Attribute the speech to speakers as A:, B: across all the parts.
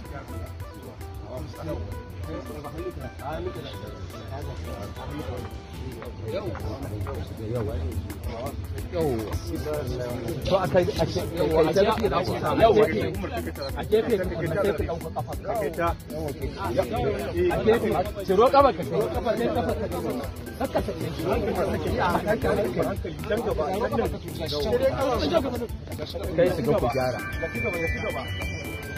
A: to a ka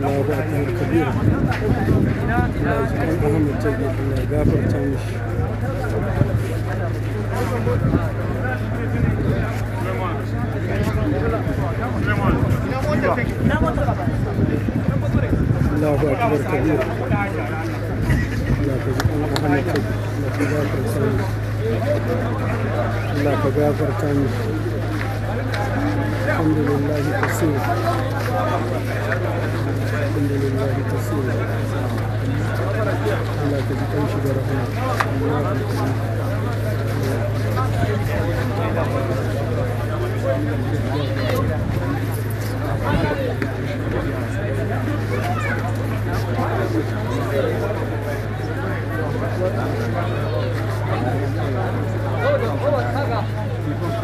A: الله أكبر كبير الله يسكن أهم التجي الله يغافر تامش الله أكبر كبير الله يسكن أهم التجي الله يغافر تامش الله يغافر تامش الحمد لله كثير الحمد لله كثيرا لا تجد أي شيء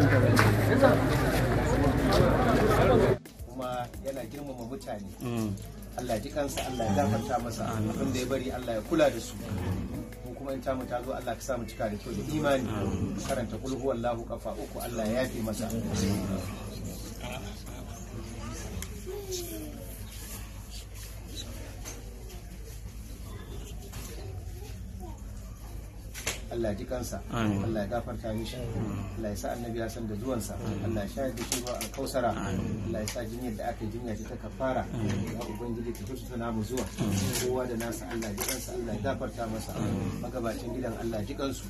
A: Thank you. girmama mutane mm. Allah ji kansa Allah ya gafarta masa abin da ya bari Allah ya kula da su kuma in tamu ta zo Allah ka samu cika da kyau da imani karanta kulhu wallahu kafa uku Allah ya yafe masa Allah ya ji kansa Allah ya gafarta mishi Allah ya sa annabi ya san da zuwansa Allah ya shayar da shi ruwa alkausara Allah ya sa jinyar da aka jinya ta kafara ya ubangiji ta hutu na mu zuwa kowa da nasa Allah ya ji kansa Allah ya gafarta masa magabacin gidan Allah ya ji kansu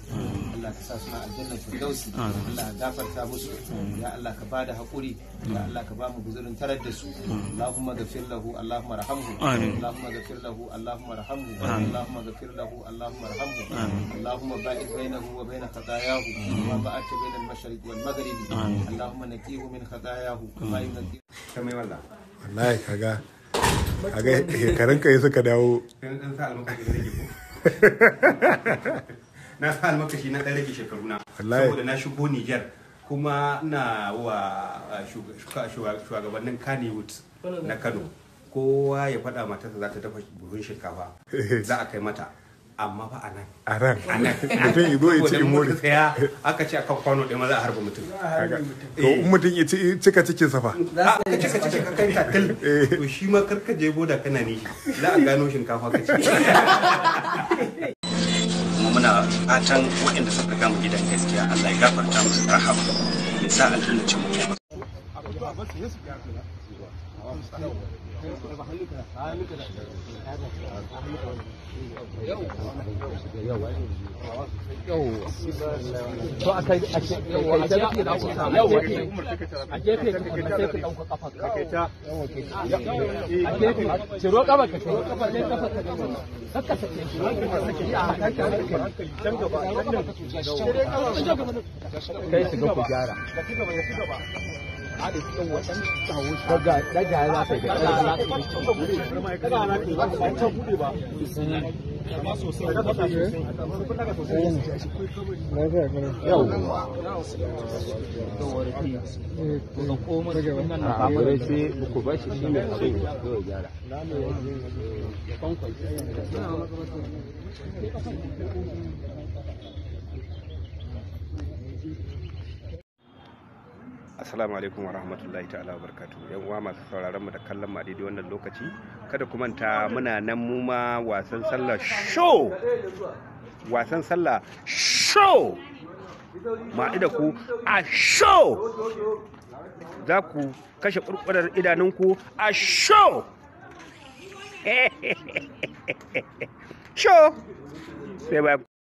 A: Allah ka sa su na aljanna firdausi Allah ya gafarta musu ya Allah ka bada hakuri ya Allah ka ba mu guzurin tarar da su Allahumma gafir lahu Allahumma rahamhu Allahumma gafir lahu Allahumma rahamhu Allahumma gafir lahu Allahumma rahamhu Allahumma الباعد بينه وبين خطاياه كما بعدت بين المشرق والمغرب اللهم نقيه من خطاياه كما ينقيه
B: الله كذا kaga shekarun kai suka dawo
A: na sa almakashi na ɗan rage shekaru na saboda na shigo Nijar kuma na wa shugabannin Kannywood na Kano kowa ya faɗa matarsa za ta dafa buhun shinkafa za a kai mata amma ba a nan a ran mutum ya zo ya ci imori ya aka ce akan kwano ɗaya maza a harba mutum to in eh. mutum ya ci cika cikin safa fa ah, aka cika cikin ka kai eh. to shi ma karka je boda kana ne za a gano shinkafa ka ci kuma muna fatan waɗanda suka gama gidan gaskiya Allah ya gafarta musu rahama ya sa aljanna ce mu kai su ga ku gyara. Ka ci gaba ya ci gaba. Ka ga jaye za ka yi Assalamu alaikum wa rahmatullahi ta'ala wa barkatu. Yan uwa masu sauraron mu da kallon mu daidai wannan lokaci. Kada ku manta muna nan mu ma wasan sallah show. Wasan sallah show. ma da ku a show. Za ku kashe kurkurar idanunku a show. show. Sai